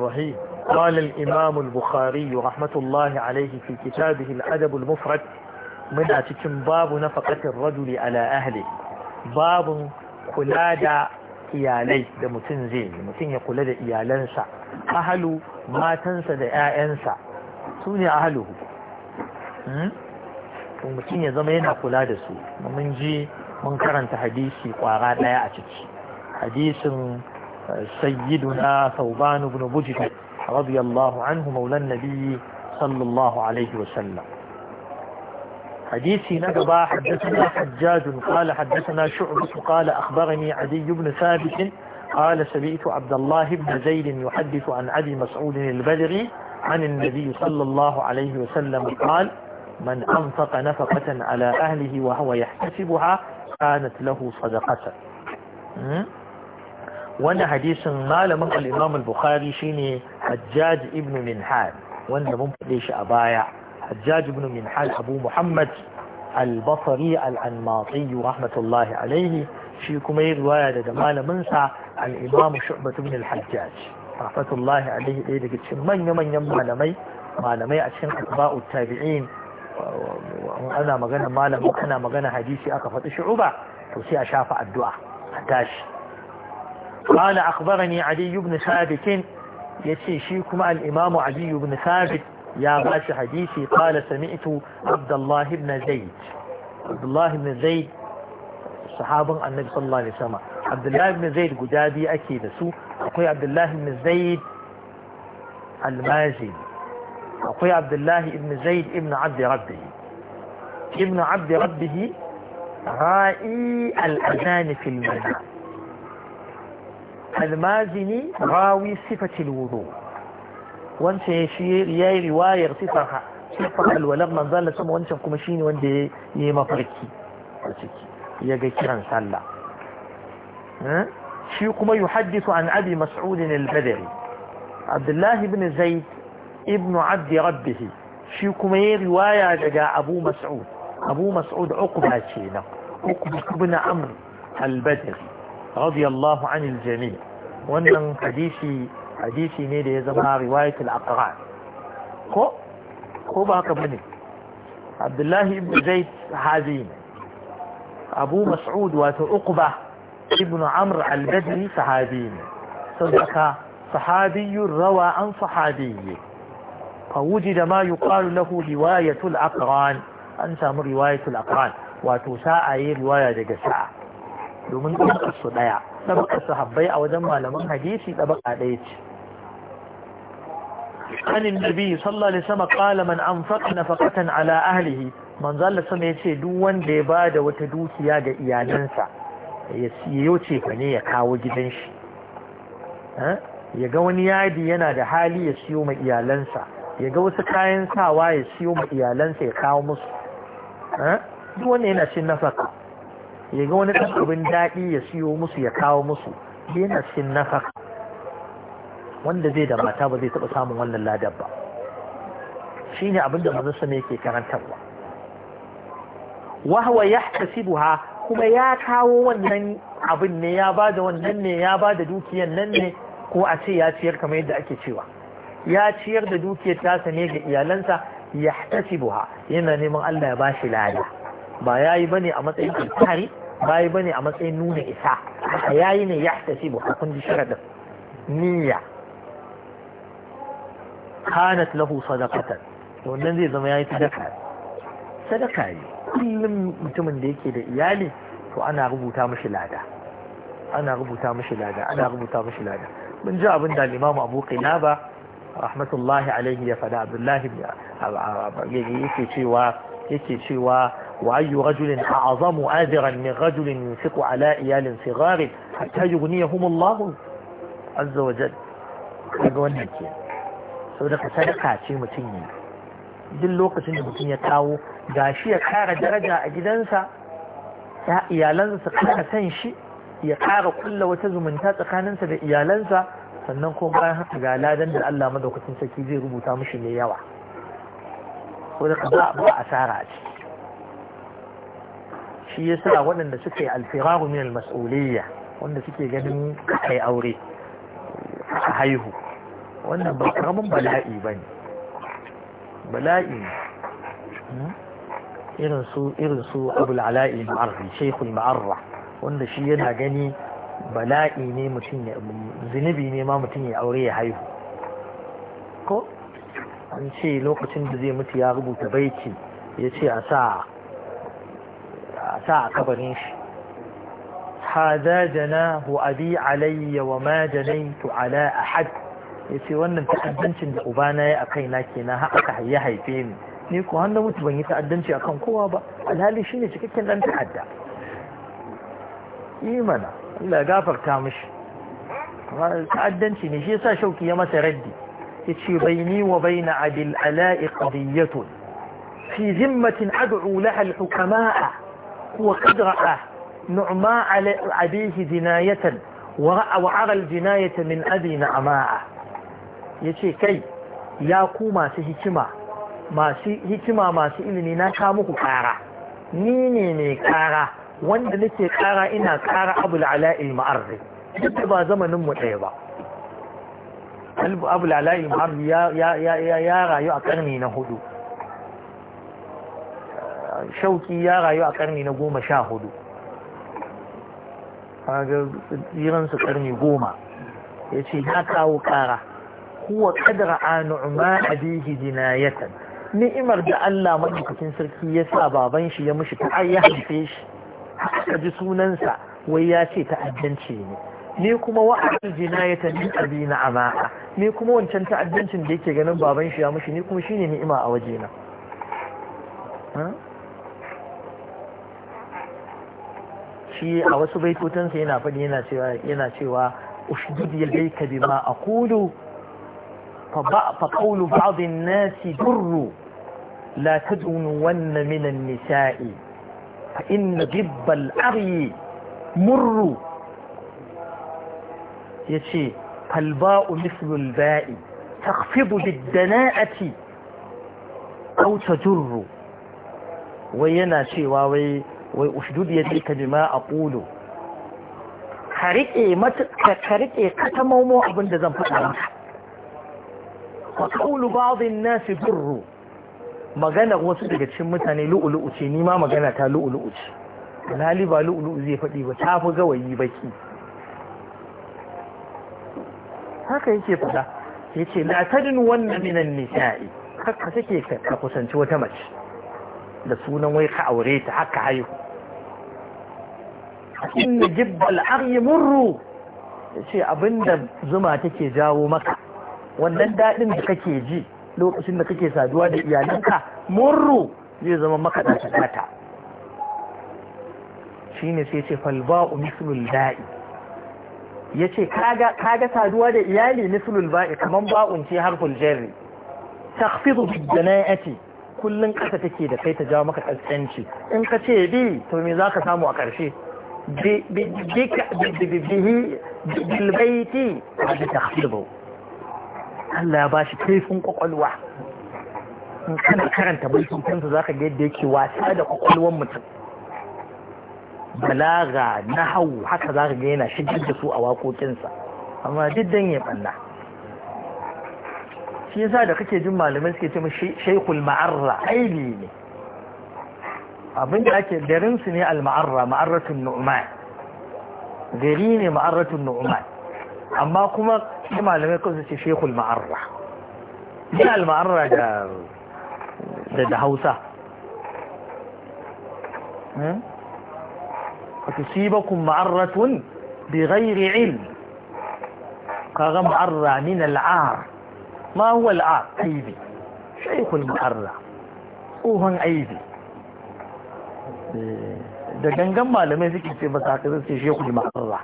الرحيم قال الإمام البخاري رحمة الله عليه في كتابه الأدب المفرد من أتكم باب نفقة الرجل على أهله باب كلادة iyalai da mutum zai yi mutum ya kula da iyalansa ahalu matansa da 'ya'yansa zama yana kula da su mun ji mun karanta hadisi a ciki hadisin سيدنا ثوبان بن بجد رضي الله عنه مولى النبي صلى الله عليه وسلم حديثي نقبا حدثنا حجاج قال حدثنا شعبة قال أخبرني عدي بن ثابت قال سمعت عبد الله بن زيد يحدث عن عدي مسعود البدري عن النبي صلى الله عليه وسلم قال من أنفق نفقة على أهله وهو يحتسبها كانت له صدقة wani hadisin malamin al-imam al-bukhari shine hajjaj ibn minhal wanda mun fade shi a baya hajjaj ibn minhal abu muhammad al-basri al-anmati rahmatullahi alaihi shi kuma yi riwaya daga malamin sa al-imam shu'bah ibn al-hajjaj rahmatullahi ɗaya daga cikin manya-manyan malamai malamai a cikin atba'u tabi'in ana magana malamin ana magana hadisi aka faɗi shu'ba to sai a shafa addu'a a tashi قال أخبرني علي بن ثابت يتي الإمام علي بن ثابت يا باش حديثي قال سمعت عبد الله بن زيد عبد الله بن زيد صحابا النبي صلى الله عليه وسلم عبد الله بن زيد قدادي أكيد سو أقول عبد الله بن زيد المازني أقول عبد الله بن زيد ابن عبد ربه ابن عبد ربه رائي الأذان في المنام المازني راوي صفة الوضوء وانت شيء رياي رواية صفة صفة الولاء من ذال لسما وانت كما شيني وانت يما فركي يجي كيران سالة شيء كما يحدث عن أبي مسعود البدري عبد الله بن زيد ابن عبد ربه شيء كما رواية جاء أبو مسعود أبو مسعود عقبة شينا عقبة بن عمرو البدري رضي الله عن الجميع wannan hadisi hadisi ne da ya zama riwayatul aqran ko ko ba haka bane Abdullahi ibn Zaid sahabi Abu Mas'ud wato Uqba ibn Amr al-Badri sahabi sadaka sahabi rawa an sahabi فوجد ما يقال له رواية الأقران أنسى من رواية الأقران وتساء رواية جساء domin ɗaukar su ɗaya ɗabaka su habbai a wajen malaman hadisi ɗabaka ɗaya ce hannun nabi sallallahu sama ƙala an faƙa faƙatan ala ahlihi man zalla sama ya ce duk wanda ya ba da wata dukiya ga iyalinsa ya siyo ce fa ne ya kawo gidan shi ya ga wani yadi yana da hali ya siyo ma iyalansa ya ga wasu kayan sawa ya siyo ma iyalansa ya kawo musu duk wanda yana cin nafaka ya ga wani ɗan daɗi ya siyo musu ya kawo musu yana na nafaka wanda zai da mata ba zai taɓa samun wannan ladar ba shi ne abin da mazarsa ne yake karantarwa wahwa ya ha kuma ya kawo wannan abin ne ya ba da wannan ne ya ba da dukiyan nan ne ko a ce ya ciyar kamar yadda ake cewa ya ciyar da dukiyar tasa ne ga iyalansa ya ha yana neman Allah ya ba shi lada ba ya yi bane a matsayin alfahari ba ya yi bane a matsayin nuna isa a yayi ne ya tafi ba kun kundi sharadin niyya kanat lahu sadaqatan wannan zai zama yayi sadaka sadaka ne kullum mutumin da yake da iyali to ana rubuta mishi lada ana rubuta mishi lada ana rubuta mishi lada mun ji abin da limamu abu qilaba rahmatullahi alaihi ya fada abdullahi yake cewa yake cewa وأي رجل أعظم آذرا من رجل ينفق على إيال صغار حتى يغنيهم الله عز وجل kaga wannan ke saboda ka sadaka ce mutum ne duk lokacin da mutum ya kawo gashi ya kara daraja a gidansa ya iyalansa su kara san shi ya kara kulla wata zumunta tsakaninsa da iyalansa sannan ko bayan haka ga ladan da Allah madaukakin sarki zai rubuta mashi ne yawa saboda ka ba asara a ciki shi ya sa waɗanda suka yi alfiraru min almas'uliyya wanda suke ganin kai aure a haihu wannan ba karamin bala'i ba ne bala'i hmm? irin su irin su abul ala'i ma'arri shaykhul ma'arra wanda shi yana gani bala'i ne mutum ya zunubi ne ma mutum ya aure ya haihu ko an ce lokacin da zai mutu ya rubuta baiti ya ce a sa ساعة كبرينش هذا جناه أبي علي وما جنيت على أحد يسي وانا تأدنش ان أبانا يا أقاي ناكينا هاك هيا هيفين نيكو هندا متبني تأدنش أقام كوابا الهالي شيني شكك ان انت حدا إيمانا إلا قافر كامش تأدنش نشي سا شوكي يما تردي يتشي بيني وبين عدل علاء قضية في ذمة أدعو لها الحكماء وقد رأى نعماء أبيه جناية ورأى وعرى الجناية من أبي نعماء يشي كي يا كوما سهكما ما سهكما ما سئلني ناكامك كارا نيني ني كارا wanda nake kara ina kara abul ala'il ma'arri duk ba zamanin mu ɗaya ba abul ala'il ma'arri ya rayu a karni na hudu shauki ya rayu a karni na goma sha hudu A ga jiransu karni goma ya ce ya kawo kara kuwa kadara a nu'ma a abihi jinayatan ni'imar da Allah madaukakin sarki ya sa baban shi ya mushi ta'ar ya haife shi haka ji sunansa wai ya ce ta'addanci ne ne kuma wa'adin jinayatan min abi na ama'a ne kuma wancan ta'addancin da yake ganin baban shi ya mushi ne kuma shine ni'ima a wajena shi a wasu baitotansa yana faɗi yana cewa yana cewa ushdud yadayka bima aqulu fa qawlu ba'd an nasi durru la tadunu tadunwanna min an-nisa'i fa in ghibba al-aryi murru yace mithlu فالباء مثل الباء تخفض بالدناءة أو تجر وينا cewa wai wai ushdud yadika bima aqulu ka a mata ka rike katamaimo abin da zan faɗa maka wa ba ba'd an-nas birru magana wasu daga cikin mutane lu'ulu'u ce ni ma magana ta lu'ulu'u ce alhali ba lu'ulu'u zai faɗi ba ta fi gawayi baki haka yake yace la tadin wannan minan nisa'i haka take ka kusanci wata mace da sunan wai ka aure ta haka haihu inna jibbal aryi murru ce abinda zuma take jawo maka wannan dadin da kake ji lokacin da kake saduwa da iyalinka, murru zai zama maka da tsata shine sai ce falba'u mislul da'i yace kaga kaga saduwa da iyali mislul ba'i kaman ba'un ce harful jarri takhfidu bi jana'ati Kullun ƙasa take da kai ta jawo maka ƙasƙanci in ka ce bi to me za ka samu a ƙarshe bilbaiti a da tahlibu Allah ya ba shi ƙwaƙwalwa in kana karanta za ka ga yake wasa da ƙwaƙwalwar mutum balaga na hau haka za ka ga yana shigar da su a waƙoƙinsa amma duk dan ya ɓanna shi yasa da kake jin malamai suke ce shaykhul ma'arra aibi ne abin da ake garin su ne al-ma'arra ma'arratun nu'man gari ne ma'arratun nu'man amma kuma shi malamai kansu ce shaykhul ma'arra ne al-ma'arra da da da Hausa فتسيبكم معرة بغير علم كغمعرة من العار ما هو العار عيبي شيخ محرم tsohon aibi da gangan malamai suke ce ba sa haka zai ce shekul ma'arra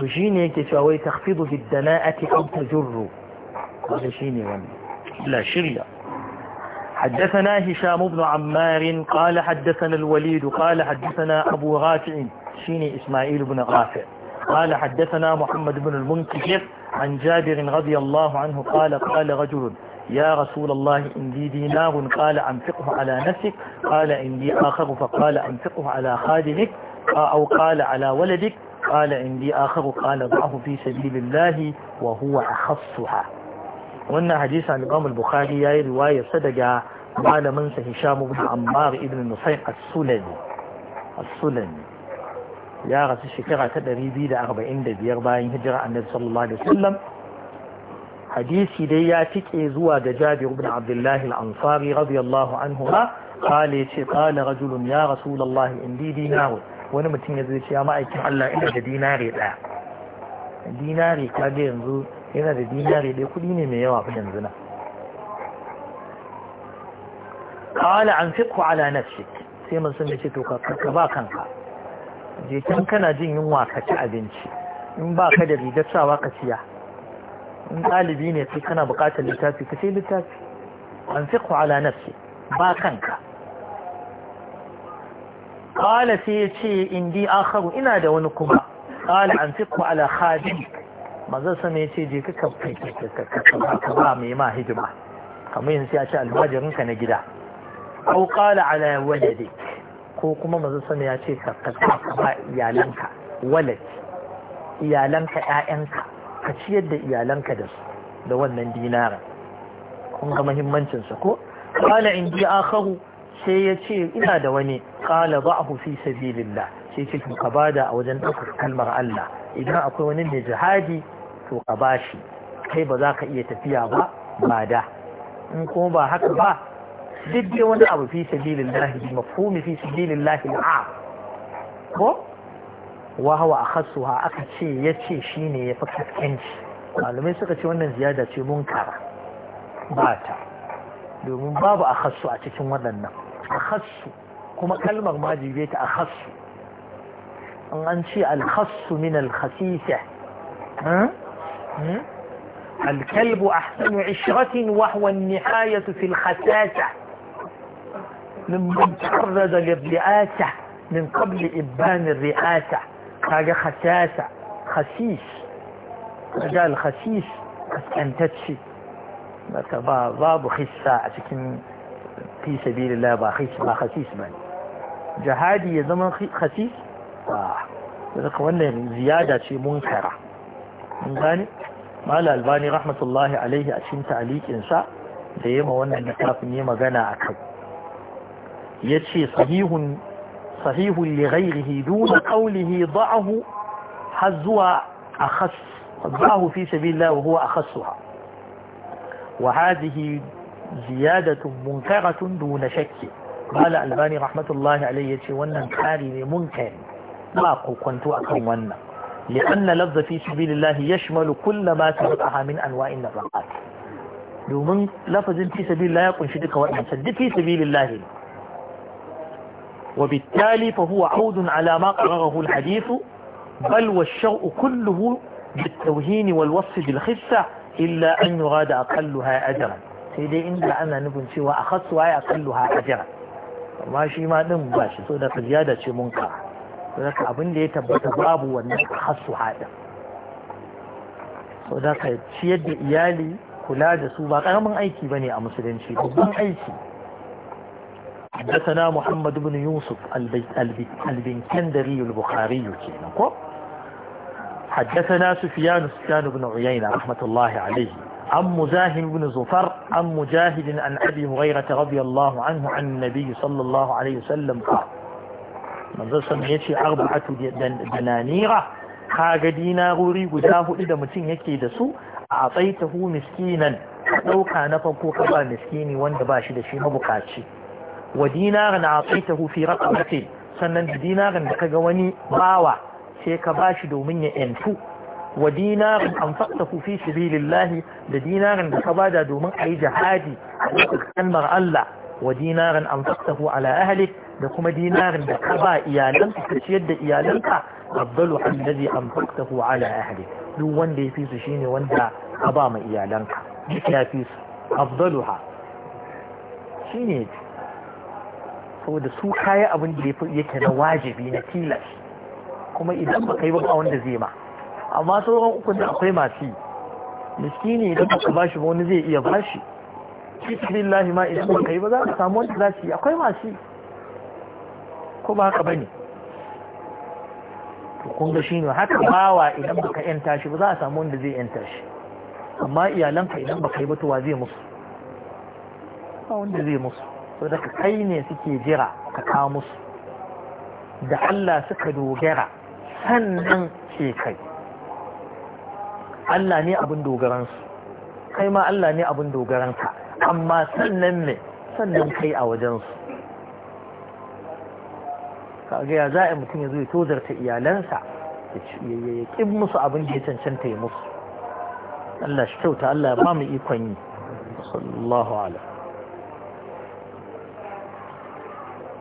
to shi ne yake cewa wai takfidu biddana a ti an ta jirro wanda shi ne wani la shirya حدثنا هشام بن عمار قال حدثنا الوليد قال حدثنا أبو غافع شيني إسماعيل بن غافع قال حدثنا محمد بن المنكشف عن جابر رضي الله عنه قال قال رجل يا رسول الله لي دينار قال أنفقه على نفسك قال لي آخر فقال أنفقه على خادمك أو قال على ولدك قال لي آخر قال ضعه في سبيل الله وهو أخصها وأن حديث عن الإمام البخاري يا رواية صدق بعد منسى هشام بن عمار بن نصيح السلمي السلمي ya rasu shekara ta 245 bayan hijira annabi sallallahu alaihi wasallam hadisi dai ya tike zuwa ga Jabir ibn Abdullah al-Ansari radiyallahu anhu kale ce kala rajulun ya rasulullah indi dinaru wani mutum ya zai ce ya ma'aikin Allah ina da dinari daya dinare kage yanzu yana da dinari dai kudi ne mai yawa yanzu na kala an fiqhu ala nafsik sai mun san ce to ka ba kanka je can kana jin yunwa ka ci abinci in ba ka da rigar sawa ka siya in ɗalibi ne sai kana buƙatar littafi ka sai littafi an fi ala nafsi ba kanka Ƙala sai ya ce indi akharu ina da wani kuma Ƙala an fiqhu ala khadim manzon sama ya ce je ka ka ba mai ma hidima kamar yanzu ya ci almajirinka na gida au qala ala waladik ko kuma mazu sama ya ce ka ba iyalanka walat iyalanka ƴaƴanka ka ciyar da iyalanka da su da wannan dinara kun ga muhimmancin sa ko in indi akhahu sai ya ce ina da wani qala ba'hu fi sabilillah sai ce ka bada a wajen ɗaukar kalmar Allah idan akwai wani mai jihadi to ka bashi kai ba za ka iya tafiya ba ba da in kuma ba haka ba duk dai wani abu fi sabilillah bi mafhumi fi sabilillah al'am ko wa hawa ha aka ce yace shine ya yafi kaskanci malamai suka ce wannan ziyada ce munkara ba ta domin babu akhassu a cikin waɗannan akhassu kuma kalmar ma jibe ta akhassu an an ce alkhassu min alkhasisa الكلب أحسن عشرة وهو النهاية في الخساسة ممن تعرض ل ل من قبل إبان الرئاسة حاجه خساسة خسيس قال خسيس بس ان تتشي باب خسا عشان في سبيل الله با ما خسيس من جهادي زمن خسيس ولكن ز شيء منكره من غاني ما الباني رحمة الله عليه أ ش ي ن ت عليك إ ن س ا ما ولنا نخاف اني ما غنى اكل ya ce sahihun li ghairihi duna qawlihi da'ahu har zuwa akhas da'ahu fi sabilillah wa huwa akhassuha wa hadhihi ziyadatun munkaratun duna shakki qala albani rahmatullahi alayhi yace wannan kari ne munkari ba a kan wannan لأن لفظ في سبيل الله يشمل كل ما تبقى من أنواع النفقات domin lafazin fi sabilillah ya kunshi duka waɗancan duk fi sabilillah ne وبالتالي فهو عود على ما قرره الحديث بل والشرء كله بالتوهين والوصف بالخسة إلا أن يراد أقلها أجرا سيدي إن جعلنا نبن سوى أخصها أقلها أجرا ما ما دم باشي سودة زيادة شي منكر ذلك أبن لي تبت باب والناس أخصها أجرا سودة شيد إيالي kula سوى su من ƙaramin بني ba شيء a musulunci حدثنا محمد بن يوسف البنكندري البخاري حدثنا سفيان سفيان بن عيينة رحمة الله عليه عن مزاهر بن زفر عن مجاهد عن أبي هريرة رضي الله عنه عن النبي صلى الله عليه وسلم قال من ذا سميتي أربعة دنانيرة kaga dinarori guda hudu da mutum yake da su a tsaitahu miskinan ɗauka na farko ka ba miskini wanda ba shi da shi mabukaci wa dinaran a tsaitahu fi raqabati sannan da dinaran da kaga wani bawa sai ka bashi domin ya yantu wa dinaran anfaqtahu fi sabilillah da dinaran da ka bada domin a ayi jihadi a mara Allah wa an dinaran hu ala ahlik da kuma dinarin da ka ba iyalanka ka ciyar da iyalanka abdalu allazi hu ala ahli duk wanda ya fi su shine wanda ka ba ma iyalanka duk ya fi su abdaluha shine saboda su kayan abin da yake na wajibi na tilas kuma idan ba kai ba wanda zai ma amma sauran ukun da akwai masu yi miskini idan baka bashi ba wani zai iya bashi bismillah ma idan baka yi ba za ka samu wanda za su yi akwai masu yi ko ba haka bane to kun ga shine haka bawa idan baka yanta shi ba za a samu wanda zai yanta shi amma iyalanka idan baka yi ba to wa zai musu ba wanda zai musu so da kai ne suke jira ka kawo musu da Allah suka dogara sannan ce kai Allah ne abin dogaransu kai ma Allah ne abin dogaranka amma sannan ne sannan kai a wajensu kaga ya za a mutum ya zo ya tozarta iyalansa ya ƙin musu abin da ya cancanta ya musu Allah shi kyauta Allah ya ba mu ikon yi sallallahu alaihi